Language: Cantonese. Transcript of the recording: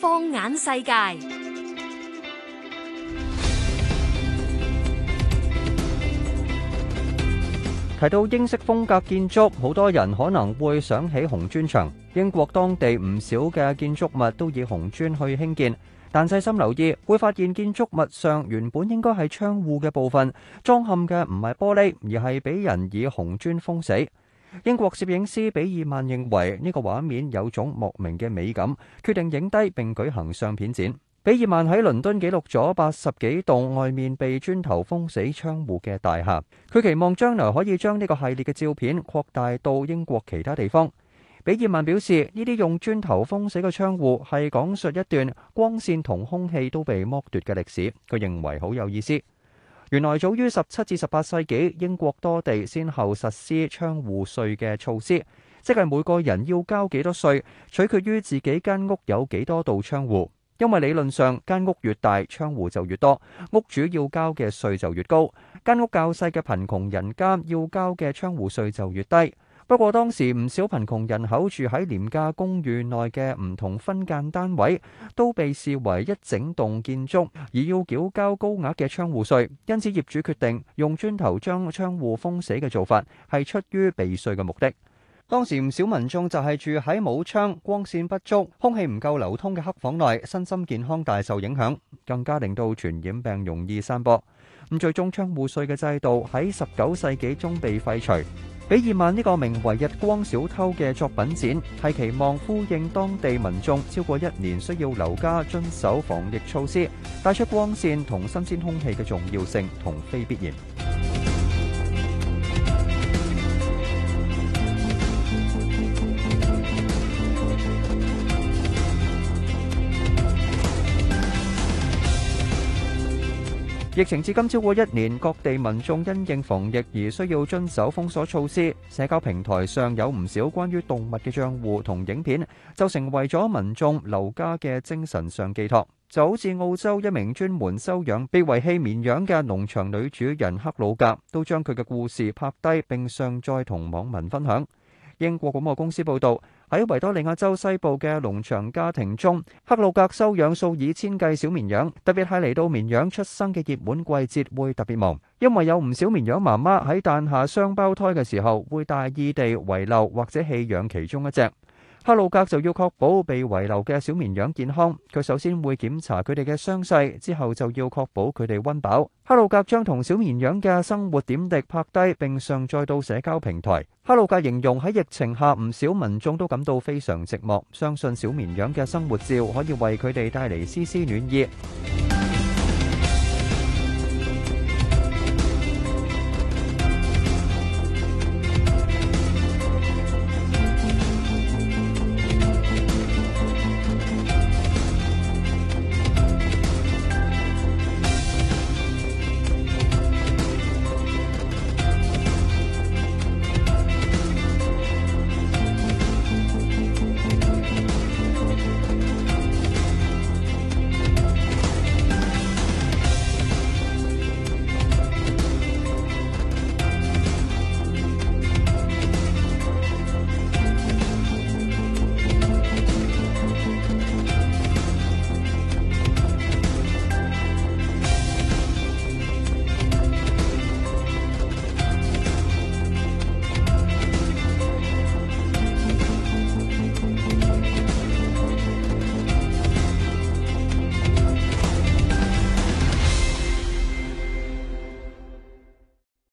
放眼世界，提到英式風格建築，好多人可能會想起紅磚牆。英國當地唔少嘅建築物都以紅磚去興建，但細心留意會發現，建築物上原本應該係窗戶嘅部分，裝嵌嘅唔係玻璃，而係俾人以紅磚封死。英國攝影師比爾曼認為呢個畫面有種莫名嘅美感，決定影低並舉行相片展。比爾曼喺倫敦記錄咗八十幾棟外面被磚頭封死窗戶嘅大廈，佢期望將來可以將呢個系列嘅照片擴大到英國其他地方。比爾曼表示，呢啲用磚頭封死嘅窗戶係講述一段光線同空氣都被剝奪嘅歷史，佢認為好有意思。原來早於十七至十八世紀，英國多地先後實施窗戶稅嘅措施，即係每個人要交幾多稅，取決於自己間屋有幾多道窗戶。因為理論上間屋越大，窗戶就越多，屋主要交嘅稅就越高；間屋較細嘅貧窮人家要交嘅窗戶稅就越低。不過當時唔少貧窮人口住喺廉價公寓內嘅唔同分間單位，都被視為一整棟建築，而要繳交高額嘅窗戶稅。因此業主決定用磚頭將窗戶封死嘅做法，係出於避稅嘅目的。當時唔少民眾就係住喺冇窗、光線不足、空氣唔夠流通嘅黑房內，身心健康大受影響，更加令到傳染病容易散播。咁最終窗戶稅嘅制度喺十九世紀中被廢除。比爾曼呢個名為《日光小偷》嘅作品展，係期望呼應當地民眾超過一年需要留家遵守防疫措施，帶出光線同新鮮空氣嘅重要性同非必然。疫情至今超過一年，各地民眾因應防疫而需要遵守封鎖措施，社交平台上有唔少關於動物嘅帳戶同影片，就成為咗民眾留家嘅精神上寄託。就好似澳洲一名專門收養被遺棄綿羊嘅農場女主人克魯格，都將佢嘅故事拍低並上載同網民分享。英國廣播公司報導。喺維多利亞州西部嘅農場家庭中，克魯格收養數以千計小綿羊，特別係嚟到綿羊出生嘅熱門季節會特別忙，因為有唔少綿羊媽媽喺誕下雙胞胎嘅時候，會大意地遺留或者棄養其中一隻。哈路格就要確保被遺留嘅小綿羊健康，佢首先會檢查佢哋嘅傷勢，之後就要確保佢哋溫飽。哈路格將同小綿羊嘅生活點滴拍低並上載到社交平台。哈路格形容喺疫情下唔少民眾都感到非常寂寞，相信小綿羊嘅生活照可以為佢哋帶嚟絲絲暖意。